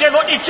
przewodniczący!